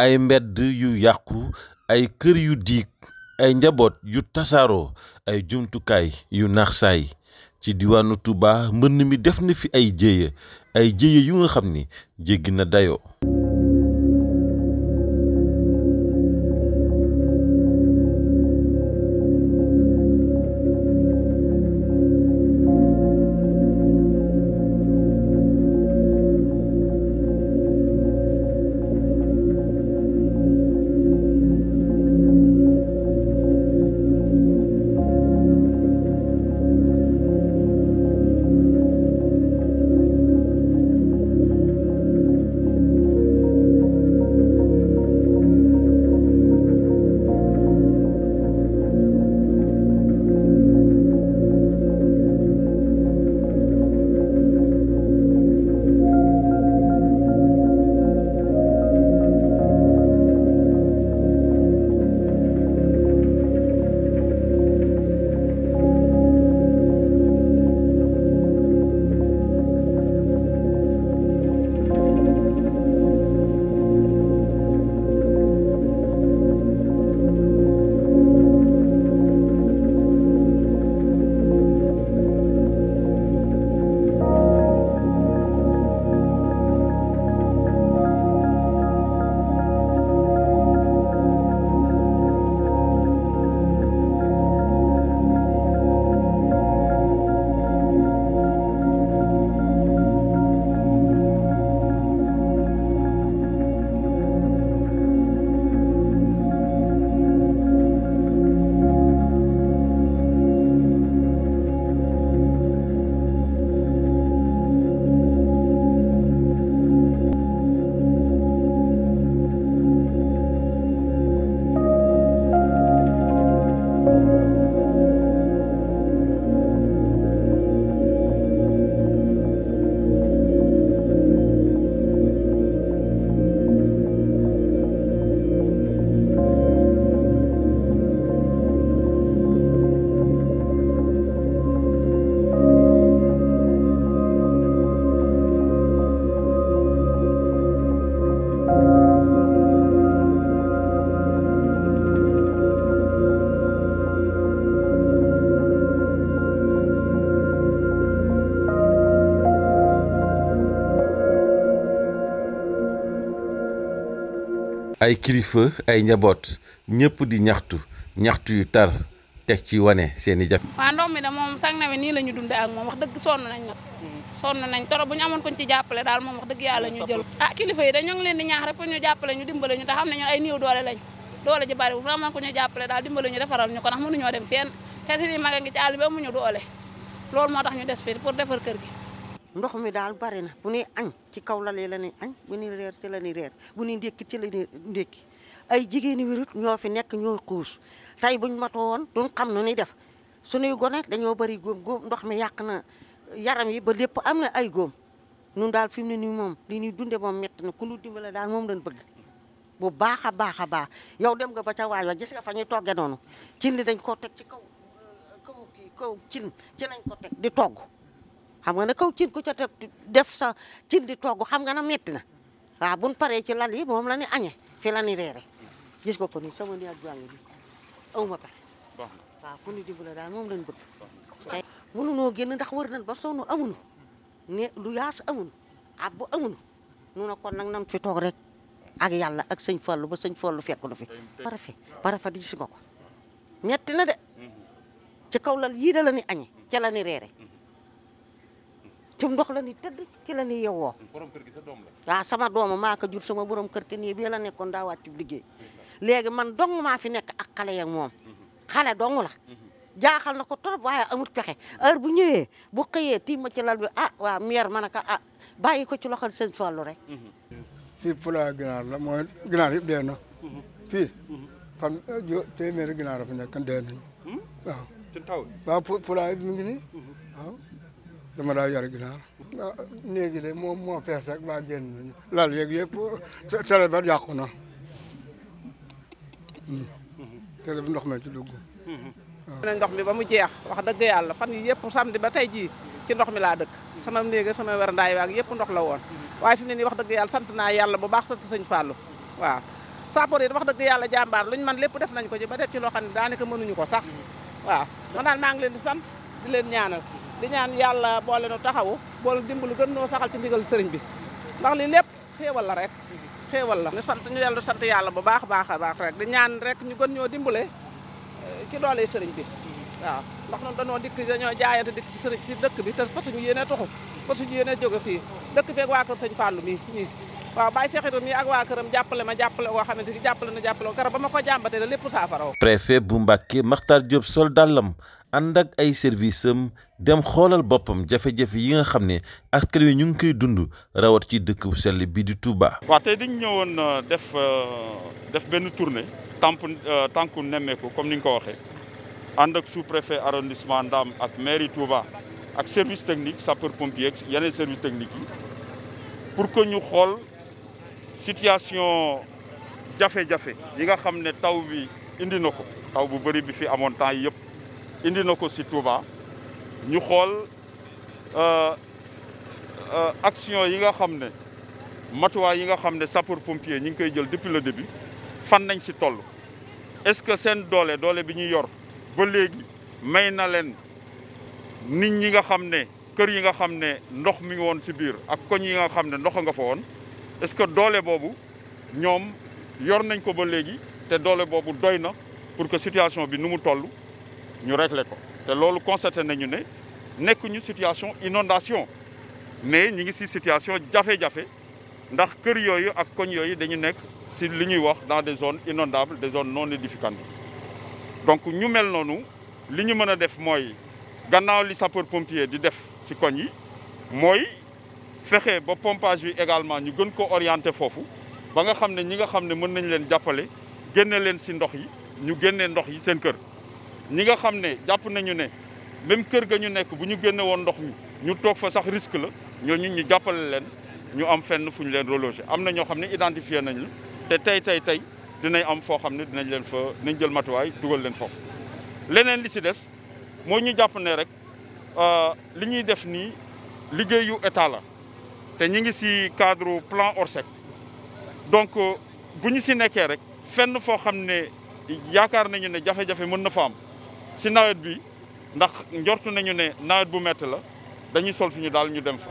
ay mbedd yu yàqu ay kër yu diig ay njaboot yu tasaaroo ay jumtukaay yu naax saay ci diwaanu Touba mbënn mi def na fi ay jéeya ay jéeya yu nga xam ni jéggi na dayoo ay kilifa ay njaboot ñëpp di ñaxtu ñaxtu yu tar teg ci wane seen i jafe. waaw ndox mi de moom sax nawet nii la dunde dundee ak moom wax dëgg sonn nañ nag sonn nañ trop bu ñu amoon kuñ ci jàppale daal moom wax dëgg yàlla ñu jël ah kilifa yi dañoo ngi leen di ñaax rek pour ñu jàppale ñu dimbale ñu te xam ne ñun ay néew doole lañ doole ji bari bu amoon ku ñu jàppale daal dimbale ñu defaral ñu ko ndax mënuñoo dem fenn te si biir mag a ngi ci àll bi amuñu doole loolu moo ñu des fii pour defar kër ndox mi daal bari na bu ñuy añ ci kaw lal yi la ñuy añ bu ñuy reer ci la ñuy reer bu ñuy ndékki ci la ñuy ndékki ay jigéeni wirut ñoo fi nekk ñoo xuus tey buñ matoo woon duñ xam nu ñuy def suñuy gone dañoo bari góom góom ndox mi yàq na yaram yi ba lépp am na ay góom nun daal fi mu ne nii moom li ñuy dundee moom métti na ku nu dimbale daal moom lañ bëgg bu baax a baax a baax yow dem nga ba ca waay wa gis nga fa ñu toggee noonu cin li dañ koo teg ci kaw euh, kaw kii ci lañ ko teg di togg xam nga ne kaw cin ku ca def sa cin di togg xam nga na metti na waaw buñ paré ci lal yi moom la ni añee fi la ni reere gis ko ko ni sama ni ak jàng bi awma pare waaw ku ni dimbale daal moom lañ bëgg tey mënunoo génn ndax wër nañ ba sonu amunu ne lu yaas amunu abbu amunu nu na kon nag nam fi toog rek ak yàlla ak sëñ Fallu ba sëñ Fallu fekk lu fi parafe fa di gis nga ko metti na de mhm. ci kaw lal yii da la ni añee ca la ni reere ci ndox la ni tëdd ci la ni a borom kër sa doom la waaw sama dooma maa ko jur sama borom kër te nii bii la nekkoon daa wàcc liggéey léegi man dong maa fi nekk ak xale yeeg moom xale dong la jaaxal na ko trop waaye amut pexe heure bu ñëwee bu xëyee tiim ma ci lal bi ah waaw mière ma ne ko ah bàyyi ko ci loxol sëñ Fallou rek fii pulaa ginaar la mooy ginaar yëpp dee na fii fan téeméeri ginaar la fi nekk dee nañ hmm? waaw waaw pulaa mi ngi dama daa yar ginaar ah néegi de moom moo fees rek baa génn nañu lal yeeg yëpp tele ba yàqu na hmm. télé bi ndox mi ci dugg waaw ndox mi ba mu jeex wax dëgg yàlla fan yi yëpp samedi ba tey jii ci ndox mi laa dëkk sama néega sama wer ndaay waag yëpp ndox la woon waaye fi mu ne nii wax dëgg yàlla sant naa yàlla bu baax sant sëñ Fallou waaw sappoor yi wax dëgg yàlla jàmbaar luñ man lépp def nañ ko ci ba def ci loo xam ne daanaka mënuñu ko sax waaw man daal maa ngi leen di sant di leen ñaanal di ñaan yàlla boole nu taxawu boole dimbalu gën noo saxal ci ndigal sëriñ bi ndax lii lépp xéewal la rek xéewal la ñu sant ñu dellu sant yàlla bu baax baax a baax rek di ñaan rek ñu gën ñoo dimbale eh, ci doole sëriñ bi waaw ndax noonu dañoo dikk dañoo jaayante dikk ci sëriñ ci dëkk bi te fasuñu yéene tuxu fasuñu yéene jóge fii dëkk feeg waa kër sëñ Fallou mi ñii waaw Baye Cheikh Ibrahima ak waa këram jàppale ma jàppale koo xamante ni jàppale na jàppale ko keroog ba ma ko jàmbatee la lépp saafaroo préfet bu Mbàkke Makhtar Diop sol dàllam ànd ak ay service dem xoolal boppam jafe-jafe yi nga xam ne askan wi ñu ngi koy dund rawat ci dëkk bu sell bi di Touba. waaw tey dañ ñëwoon euh, def euh, def benn tournée tamp euh, tànku nemmeeku comme ni nga ko waxee ànd ak sous-préfet arrondissement Ndam ak mairie Touba ak service technique sapeur pompier ak yeneen service technique yi pour que ñu xool situation jafe-jafe yi nga xam ne taw bi indi na ko taw bu bëri bi fi amoon temps yëpp. indi na ko si Touba ñu xool euh, euh, action yi nga xam ne matuwaay yi nga xam ne sapeur pompier ñi ngi koy jël depuis le début fan nañ si toll est-ce que seen doole doole bi ñuy yor ba léegi may na leen nit ñi nga xam ne kër yi nga xam ne ndox mi woon si biir ak koñ yi nga xam ne ndox nga fa woon est-ce que doole boobu ñoom yor nañ ko ba léegi te doole boobu doy na pour que situation bi nu mu toll ñu régler ko te loolu constaté nañu né nekku ñu situation inondation mais ñi ngi ci situation jafé jafé ndax kër yoyu ak koñ yoyu dañu nek ci li ñuy wax dans des zones inondables des zones non édificantes donc ñu mel nonu li ñu mën def moy gannaaw li sapeur pompier di def ci koñ yi moy fexé ba pompage yi également ñu gën ko orienter fofu ba nga xamné ñi nga xamné ne mën nañ leen jappalé génne leen ci ndox yi ñu génne ndox yi seen kër ñi nga xam ne jàpp nañu ne même kër ga ñu nekk bu ñu génne woon ndox mi ñu toog fa sax risque la ñoo ñu jàppale leen ñu am fenn fu ñu leen reloger am na ñoo xam ne identifié nañu te tey tey tey dinañ am foo xam ne dinañ leen fa dinañ jël matuwaay dugal leen foofu. leneen li si des moo ñu jàpp ne rek euh, li ñuy def nii liggéeyu état la te ñu ngi si cadre plan Orsec donc euh, bu ñu si nekkee rek fenn foo xam ne yaakaar nañu ne jafe-jafe mën na fa am. ci nawet bi ndax njortu nañu ne nawet bu métti la dañuy sol suñu dal ñu dem fa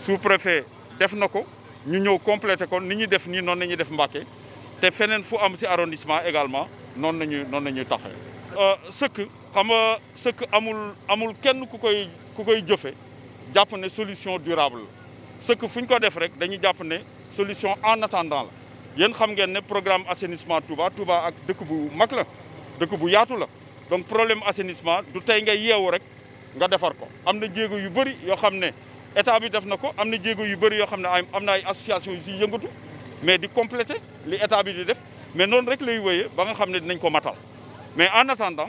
sous-préfet def na ko ñu ñëw complété ko ni ñuy def ni noonu la def Mbacké te feneen fu am ci arrondissement également noonu nañu noonu la ñuy taxawee euh, sëkk xam nga sëkk amul amul kenn ku koy ku koy jëfe jàpp ne solution durable sëkk fuñ ko def rek dañuy jàpp ne solution en attendant la yéen xam ngeen ne programme assainissement Touba Touba ak dëkk bu mag la dëkk bu yaatu la donc problème assainissement du tay nga yeewu rek nga defar ko Amna djégo yu bëri yo xamné état bi def nako, amna djégo yu bëri yo xamné amna ay association yu si yëngatu mais di compléter li état bi di def mais non rek lay wéyee ba nga xamné dinañ ko matal mais en attendant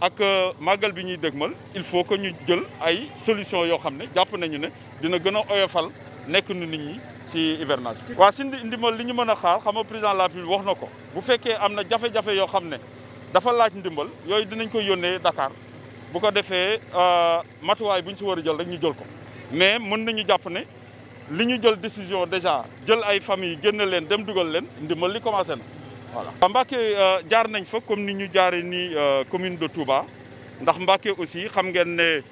ak euh, magal bi ñuy dëgmal, il faut que ñu jël ay solution yo xamné japp nañu né dina gëna a oyofal nekk nu nit ñi ci hivernage. Wa sindi indi ndimbal li ñu mëna xaar xam nga président de la ville wax nako. bu féké amna jafé jafé yo xamné dafa laaj ndimbal yooyu dinañ ko yónnee Dakar bu ko defee euh, matuwaay bu ñu si war a jël rek ñu jël ko mais mën nañu jàpp ne li ñu jël décision déjà jël ay famille génn leen dem dugal leen ndimbal li commencé na voilà. Mbacké euh, jaar nañ fa comme ni ñu jaaree nii euh, commune de Touba ndax Mbacké aussi xam ngeen ne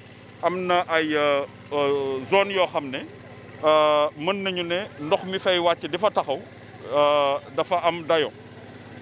am na ay zone yoo xam ne mën nañu ne ndox mi fay wàcc di fa taxaw dafa am dayo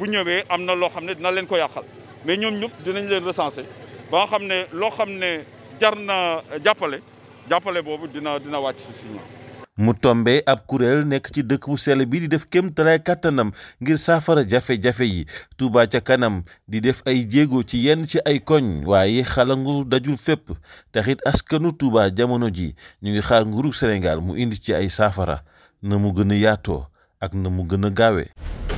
bu ñëwee am na loo xam ne dina leen ko yàqal mais ñoom ñëpp dinañ leen recenser ba xam ne loo xam ne jar na jàppale jàppale boobu dina dina wàcc si si mu tombe ab kuréel nekk ci dëkk bu sell bi di def kéemtalaay kàttanam ngir saafara jafe-jafe yi Touba ca kanam di def ay jéego ci yenn ci ay koñ waaye xalangu dajul fépp taxit askanu Touba jamono ji ñu ngi xaar nguuru Sénégal mu indi ci ay saafara na mu gën a yaatoo ak na mu gën a gaawee.